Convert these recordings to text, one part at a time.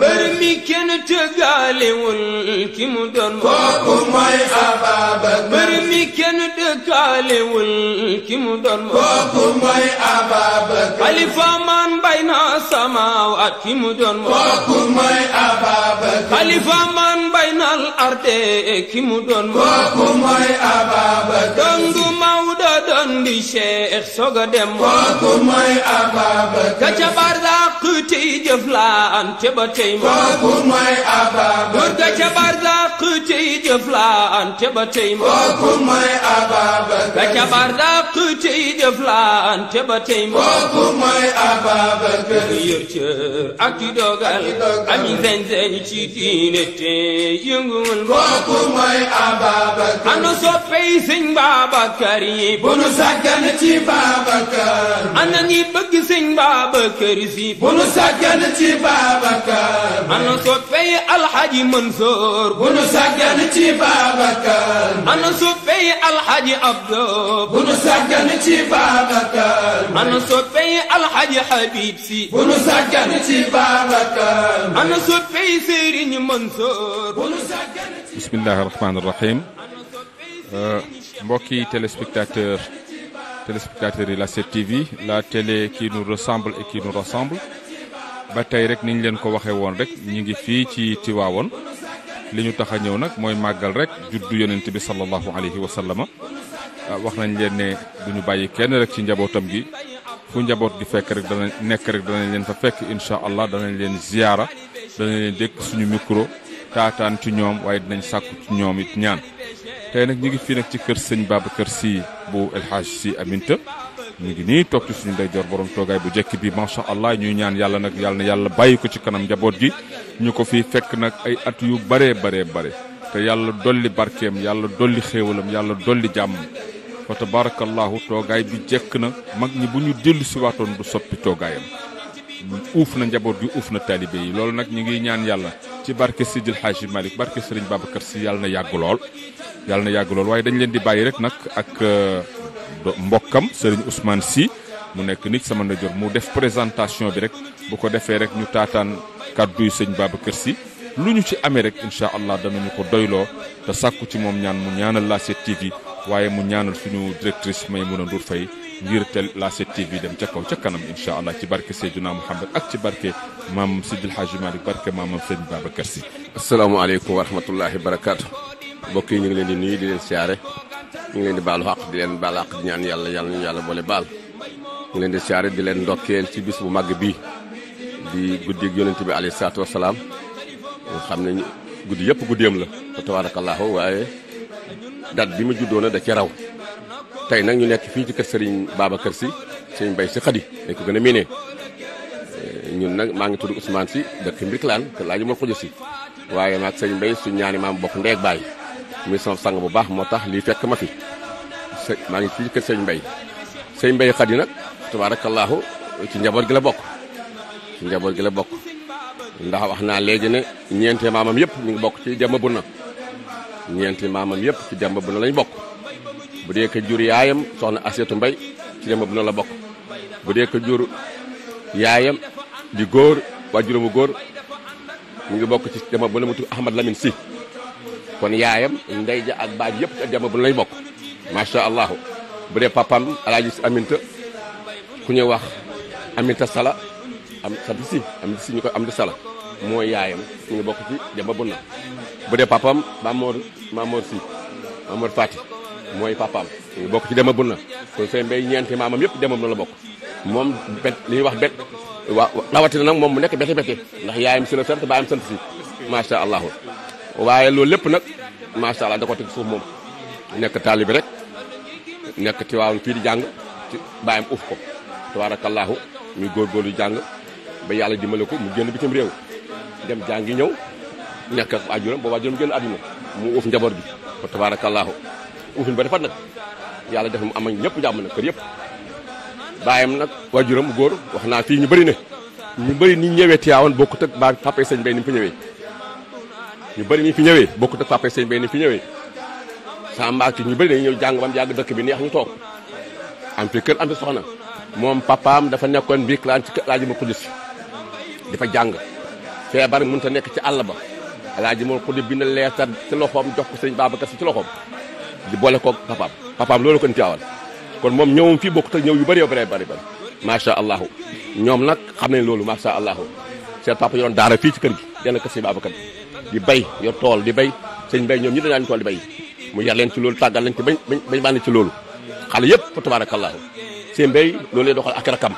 bër mi kenn dëggaalewul ki mu ki mu doon kooku mooy Ababacar xalifa man man bay na ki mu doon indi Cheikh soga dem kooku mooy Ababakar ka ca barzaq tey jëflante ba tey ma kooku mooy Ababakar ka ca barzaq tey jëflante ba tey mooy Ababakar ka ca barzaq tey jëflante cër ak ki dogal ami zenzen ci diine te yëngul kooku mooy Ababakar yi sëñ Babacar yi. bu nu sàggan ci Babacar. ana ñi bëgg sëñ Babacar si. bu nu sàggan ci Babacar. ana soppe yi alxaji Mansoor. bu nu sàggan ci Babacar. ana soppe yi alxaji Abdou. bu nu sàggan ci Babacar. ana soppe yi alxaji Habib si. bu nu sàggan ci Babacar. ana soppe yi Serigne Mansoor. bu nu sàggan ci. bismillahi rahmaani rahim. Euh, mbokki téléspectateurs téléspectateurs yi la 7TV la télé qui nous ressemble et qui nous rassemble ba tey rek ni ñu leen ko waxee woon rek ñu ngi fii ci Tiwaawoon li ñu tax a ñëw nag mooy màggal rek juddu yonent bi sallallahu alayhi wa sallama ah, wax nañ leen ne du ñu bàyyi kenn rek ci njabootam gi fu njaboot gi fekk rek dana nekk rek danañ leen fa fekk incha allah danañ leen ziyaara danañ leen dékk suñu micro taataan ci ñoom waaye dinañ sàkku ci ñoom it ñaan. tey nag ñu ngi fii nag ci kër sëñ kër Sy bu El Hadj Sy Aminta ñu ngi nii toog ci suñu ndeyjoor borom toogaay bu jekk bi macha allah ñuy ñaan yàlla nag yàlla yàlla bàyyi ko ci kanam njaboot gi ñu ko fi fekk nag ay at yu baree baree bare te yàlla dolli barkeem yàlla dolli xéewalam yàlla dolli jàmm fa tabarakallahu toogaay bi jekk na mag ñi bu ñu dellu si waatoon du soppi toogaayam uuf na njaboot gi uuf na taalibe yi loolu nag ñu ngi ñaan yàlla ci barke Sidil Hadji Malick barke Serigne Babacar Sy yàlla na yàgg lool yàlla na yàgg lool waaye dañ leen di bàyyi rek nag ak euh, mbokkam sëriñ Ousmane si mu nekk nit sama ndijoor mu def présentation bi rek bu ko defee rek ñu taataan kàdduy sëñ Babacar Sy lu ñu ci amee rek incha allah danañu ko doyloo te sàkku ci moom ñaan mu ñaanal la 7TV waaye mu ñaanal suñu directrice Maimouna Ndour Faye ngir te la 7TV dem ca kaw ca kanam incha allah ci barke Seydina Mouhamed ak ci barke maam Sidil Hadji Malick barke maamam Sëñ Babacar Sy. asalaamaaleykum wa rahmatullahi wa barakaatu. mbokk yi ñu ngi leen di nuyu di leen siyaare ñu ngi leen di baalu xaq di leen baal xaq ñaan yàlla yàlla ñu yàlla boole baal. ngi leen di siyaare di leen ndokkeel ci bis bu màgg bii di guddig yonent bi alayhi salaatu salaam xam ne guddi yëpp guddeem la fa tabaarakallaahu waaye date bi mu juddoo da ci raw. tey nag ñu nekk fii ci kër Serigne Babacar Sy Serigne Mbaye Sy Khady dañ ko gën a miinee eh, ñun nag maa ngi tudd Ousmane si dëkk Mbirkilaan kër laa ji ma waaye maag Serigne Mbaye suñu ñaani maam bokk ndeeg baay muy sama sang bu baax moo tax lii fekk ma fi maa ngi fii ci kër Serigne Mbaye Serigne Mbaye Khady nag tabaarakallaahu ci njaboot gi la bokk ci njaboot gi la bokk ndax wax naa léegi ne ñeenti maamam yëpp ñu ngi bokk ci jàmm bu na ñeenti maamam yëpp ci jàmm bu na lañu bokk bu dee ko jur yaayam soxna Aseetu Mbay ci lema bu la bokk bu dee ko jur yaayam di góor waa juróomu góor mu ngi bokk ci lema bu ne mu tudd Ahmad Lamine Si kon yaayam ndey ja ak baaj yëpp ci ak jama bu lay bokk macha allah bu dee papam alaaji si aminta ku ñuy wax aminta sala am sant si am si ñu koy am di sala mooy yaayam ñu ngi bokk ci jama bu bu dee papam Mamoor Mamoor si Mamoor Fati mooy papaam bokk ci dema bun na kon sëñ Mbay ñeenti maamam yëpp demam na la bokk moom bet li wax bet wa rawatina nag moom mu nekk bete bete ndax yaayam si la sant baayam sant si macha allah waaye loolu lépp nag macha allah da ko teg suuf moom nekk taalibi rek nekk tiwaawoon fii di jàng ci baayam uuf ko tabaarakallaahu góor góorgóorlu jàng ba yàlla dimbale ko mu génn bitim réew dem jàngi ñëw nekk ak waajuram ba waajuram génn àdduna mu uuf njaboot bi fa tabaarakallaahu uufin ba fa nag yàlla def mu amañ ñëpp jàmm nag kër yëpp bàyyam nag waajuram góor wax naa fii ñu bëri ne ñu bëri ni ñëwee Tiwaawan bokkut ak ba papay sëñ Bay ni mu fi ñëwee ñu bëri ni fi ñëwee bokkut ak papay sëñ Bay ni fi ñëwee sa mbaaki ñu bëri dañu ñëw jàng bam dëkk bi neex ñu toog am fi kër am fi soxna moom papaam dafa nekkoon biik laan ci laaji ma xudis dafa jàng feebar mënut a nekk ci àll ba laaji ma xudis bi na leetar ci loxoom jox ko sëñ Babacar si ci loxoom di boole ko papaam papaam loolu ko ni Tiwaawan kon moom ñëwum fii bokk te ñëw yu bëree bëree bëri bëri macha allahu ñoom nag xam nañ loolu ma macha allahu seen papa yoon daara fii ci kër gi dana kër si Babacar di bay yor tool di bay sëñ bay ñoom ñi dañu tool di bay mu yar leen ci loolu tàggal lañ ci bañ bañ bànn ci loolu xale yëpp fa tabarakallahu seen bay loolu lay doxal ak rakam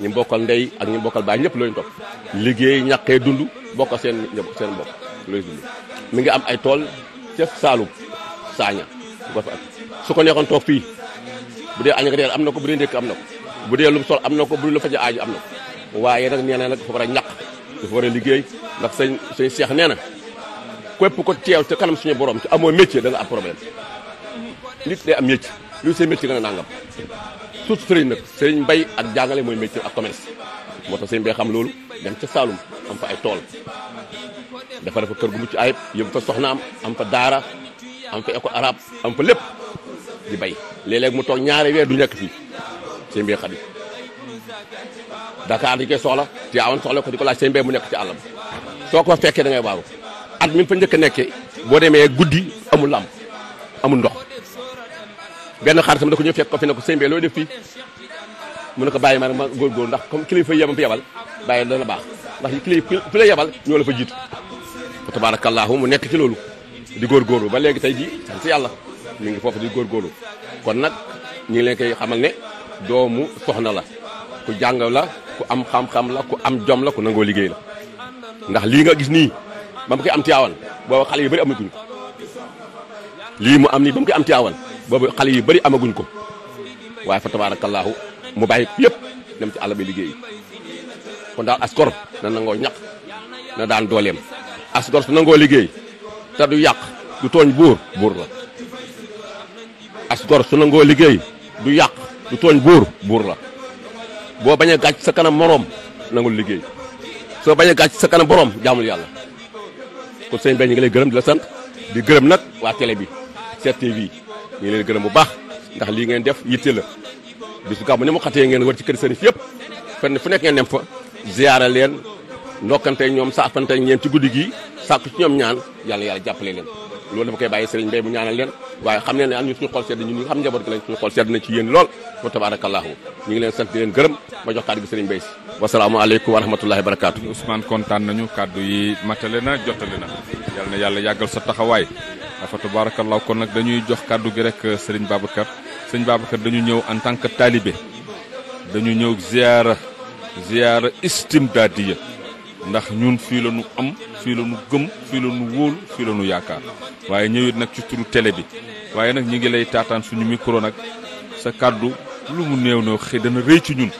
ñu bokkal ndey ak ñu bokkal baay ñëpp loolu topp liggéey ñàkkee dund bokkal seen seen bopp mi ngi am ay tool ca Saalum Saaña su ko fa su ko neexoon toog fii bu dee añ ak reer am na ko bu dee ndékk am na ko bu dee lum sol am na ko bu dee la faja aaju am na ko waaye nag nee na nag dafa war a ñàq dafa war a liggéey ndax sëñ sëñ seex nee na képp ko teew te kanam suñu borom te amoo métier da nga am na nit day am métier lu seen métier nga a nangam sëriñ nag sëriñ mbay ak jàngale mooy métier ak commerce moo tax sëriñ bay xam loolu dem ca Saalum am fa ay tool dafa dafa kër gu mucc ayib yóbbu fa soxnaam am fa daara am fa école arabe am fa lépp di bay mu toog ñaari weer du nekk fii sëñ bi xadi Dakar di koy soxla te awoon soxla ko di ko laaj mu nekk ci àll bi soo ko fekkee da ngay waaru at mi a nekkee boo demee guddi amul làmp ndox benn xaar da ko ñëw fekk ko fi mu nekk ko bàyyi ma rek góor góorgóor ndax comme kilifa yi yemam fi yebal bàyyi dana baax ndax kilifa fi la yebal ñoo la fa jiitu tabaarakallahu mu nekk ci loolu di góorgóorlu ba léegi tey jii sant yàlla mi ngi foofu di góorgóorlu kon nag ñu ngi leen koy xamal ne doomu soxna la ku jàng la ku am xam-xam la ku am jom la ku nangoo liggéey la ndax lii nga gis nii ba mu koy am tiyaawan booba xale yu a amaguñ ko lii mu am nii ba mu koy am tiyaawan boobu xale yu bëri amaguñ ko waaye fa tabaarakallaahu mu bàyyi yëpp dem ci àll bi liggéey kon daal askor na nangoo ñaq na daan dooleem askor su nangoo liggéey te du yàq du tooñ buur buur la as gor su nangoo liggéey du yàq du tooñ buur buur la boo bañ a gàcc sa kanam moroom nangul liggéey soo bañ a gàcc sa kanam boroom jaamul yàlla kon sëñ bi ñu ngi lay gërëm di la sant di gërëm nag waa tele bi 7TV ñu ngi leen gërëm bu baax ndax lii ngeen def yitte la bisu gàmmu ni mu xatee ngeen war ci kër sëriñ yëpp fenn fu nekk ngeen dem fa ziyaara leen ndokkante ñoom saafante ñeenti guddi gi sàkku ci ñoom ñaan yàlla yàlla jàppale leen loolu dafa koy bàyyi sëriñ mbay mu ñaanal leen waaye xam ne ne am ñu suñu xool sedd ñun ñi nga xam njaboot gi lañ suñu xool sedd na ci yéen lool wa tabarakallahu ñu ngi leen sant di leen gërëm ma jox kàddu gi sëriñ mbay si wasalaamaaleykum wa rahmatullahi barakaatu Ousmane kontaan nañu kàddu yi matale na jotale na yàlla na yàggal sa taxawaay dafa tabarakallahu kon nag dañuy jox kàddu gi rek euh, sëriñ Babacar sëriñ Babacar dañu ñëw en tant que talibé dañu ñëw ziyaara ziyaara istimdaadiya ndax ñun fii la am fii la ñu gëm fii la ñu wóolu fii la yaakaar waaye ñëwit nag ci turu tele bi waaye nag ñi ngi lay taataan suñu micro nag sa kàddu lu mu néew néew xëy dana rëy ci ñun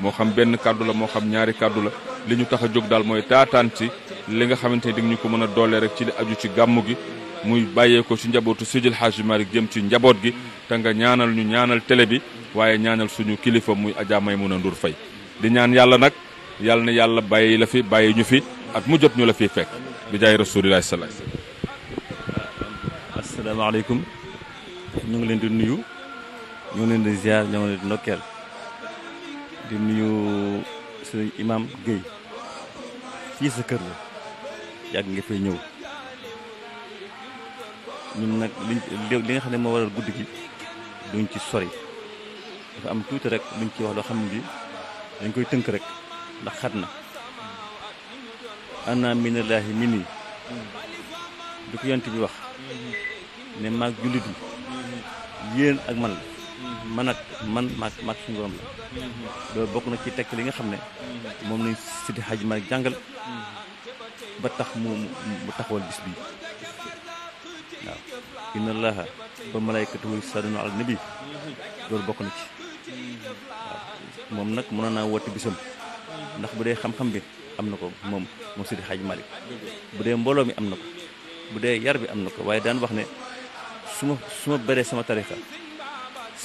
moo xam benn kàddu la moo xam ñaari kàddu la li ñu tax a jóg daal mooy taataan ci li nga xamante ni ñu ko mën a doole rek ci li aju ci gàmm gi muy bàyyeeko ci njabootu Seydil Hadji Malick jëm ci njaboot gi te nga ñaanal ñu ñaanal télé bi waaye ñaanal suñu kilifa muy Adja Maimouna Ndour Faye di ñaan yàlla na yàlla bàyyi la fi bàyyi ñu fi ak mu jot ñu la fi fekk bi jaay rasulilah salaam. asalaamaaleykum ñu ngi leen di nuyu ñu ngi leen di ziar ñu ngi leen di ndokkeel di nuyu sëñ imam Guèye fii sa kër la yàgg nga fay ñëw ñun nag li nga xam ne moo waral guddi gi duñ ci sori dafa am tuuti rek luñ ci wax loo xam ne bi dañ koy tënk rek. ndax xat na ana minallaahi mini di ko yonent bi wax ne maag jullit yéen ak man la man ak man maag maag suñu la loolu bokk na ci tekk li nga xam ne moom lañ Sidi Hadj Malick jàngal ba tax mu mu taxawal bis bii waaw inna allaha ba malaykatahu yusalluuna ala nabi loolu bokk na ci moom nag mënoon naa woote bisam ndax bu dee xam-xam bi am na ko moom moo Seydi Hadji Malick bu dee mbooloo mi am na ko bu dee yar bi am na ko waaye daan wax ne su ma su ma bëree sama tarixa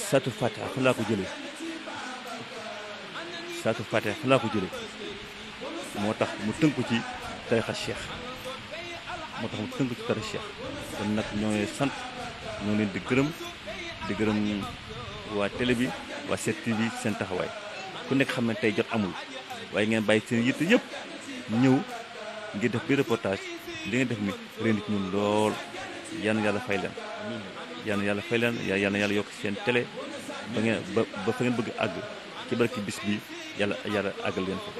saatu fatiha fa ko jëlee saatu fatiha fa laa ko jëlee moo tax mu tënku ci tarixa cheikh moo tax mu tënku ci tarixa cheikh kon nag ñoo sant ñoo ngi leen di gërëm di gërëm waa télé bi waa set tv seen taxawaay ku nekk xam ne tey jot amul waaye ngeen bàyyi seen yitte yëpp ñëw ngir def bi reportage li nga def mi réndi ci ñun lool yan yàlla fay leen yan yàlla fay leen yal na yàlla yokk seen télé ba ngeen ba fa ngeen bëgg àgg ci barki bis bi yàlla yàlla àggal leen ko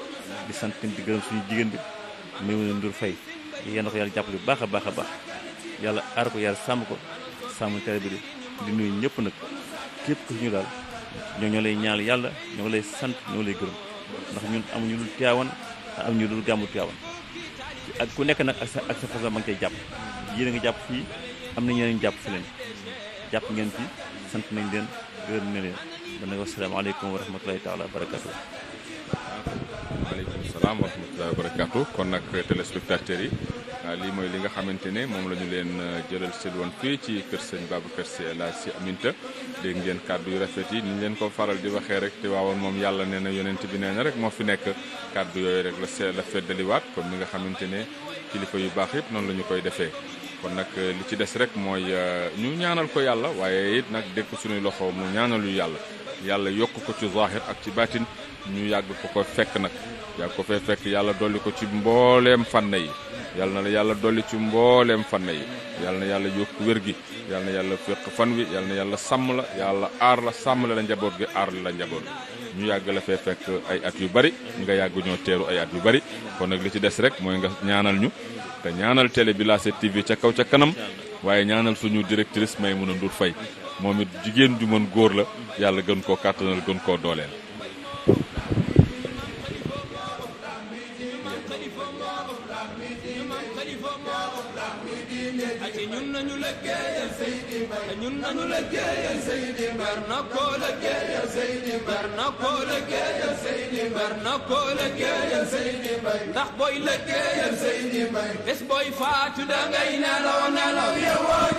di sant di gërëm suñu jigéen bi muy Ndour Faye yal na ko yàlla jàppale bu baax a baax a baax yàlla aar ko yàlla sàmm ko sàmm télé bi di nuyu ñëpp nag képp ku ñu daal ñoo ñoo lay ñaal yàlla ñoo lay sant ñoo lay gërëm ndax ñun amuñu dul ak am ñu dul gàmmu Tiwaawan ak ku nekk nag ak sa ak sa ma ngi cay jàpp yéen a ngi jàpp fii am na ñeneen jàpp fi leen jàpp ngeen fi sant nañ leen gërëm na leen dana ko asalaamaaleykum wa rahmatulahi taala wa barakatu waaleykum salaam wa rahmatulahi wa barakatu kon nag téléspectateurs yi Euh, lii mooy li nga xamante ne moom la ñu leen euh, jëlal seen woon fii ci kër seen baabu Sy El Hadj Sy Aminta dégg ngeen kàddu yu rafet yi ni ñu leen ko faral di waxee rek te waawoon moom yàlla nee na yonent bi nee na rek moo fi nekk kàddu yooyu rek la see la feddaliwaat comme ni nga xamante ne kilifa yu baax yit noonu la ñu koy defee. kon nag euh, li ci des rek mooy ñu ñaanal ko yàlla waaye it nag dégg suñuy loxo mu ñaanalu yàlla yàlla yokk ko ci zaahir ak ci baatin ñu yàgg ko ko fekk nag yàgg ko fekk yàlla dolli ko ci mbooleem fànn yàlla na la yàlla dolli ci mbooleem fan yi yàlla na yàlla yokk wér gi yàlla na yàlla féq fan wi yàlla na yàlla sàmm la yàlla aar la sàmm la njaboot gi aar la njaboot gi ñu yàgg la fee fekk ay at yu bari nga yàgg ñoo teeru ay at yu bari kon nag li ci des rek mooy nga ñaanal ñu te ñaanal télé bi la 7TV ca kaw ca kanam waaye ñaanal suñu mën a Ndour Faye moom it jigéen ju mën góor la yàlla gën koo kàttanal gën koo dooleel war na ko liggéeyal Seydi Bara war na ko liggéeyal Seydi Mbaye na ko liggéeyal Seydi faatu da ngay nelaw nelaw yowoo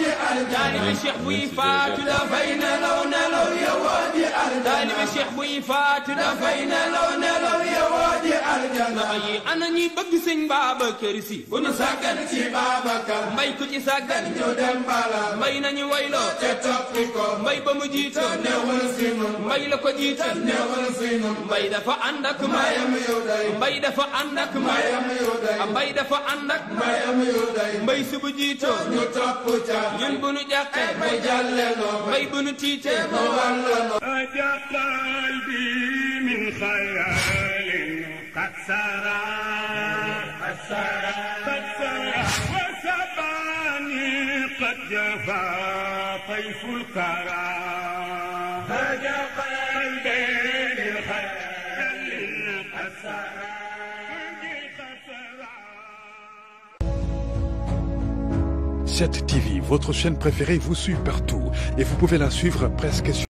ji aljana taalibi ana ñi bëgg sëñ Babacar Si bu nu sàggan ci Babacar mbay ku ci sàggan ñu dem bala mbay nañu wayloo te toppi ko mbay ba mu jiitoo newul si nun mbay la ko jiital newul si nun mbay dafa ànd ak mayam yow day mbay dafa ànd ak mayam yow day mbay dafa ànd ak mayam yow day mbay su bu jiitoo ñu topp ca ñun bu nu jàkkee mbay jàlle noo mbay bu nu tiitee ma wàlla noo ajabal bi min xayalin qad sara qad sara qad sara wa sabani qad jafa tayful kara 7 TV, votre chaîne préférée vous suit partout et vous pouvez la suivre presque sur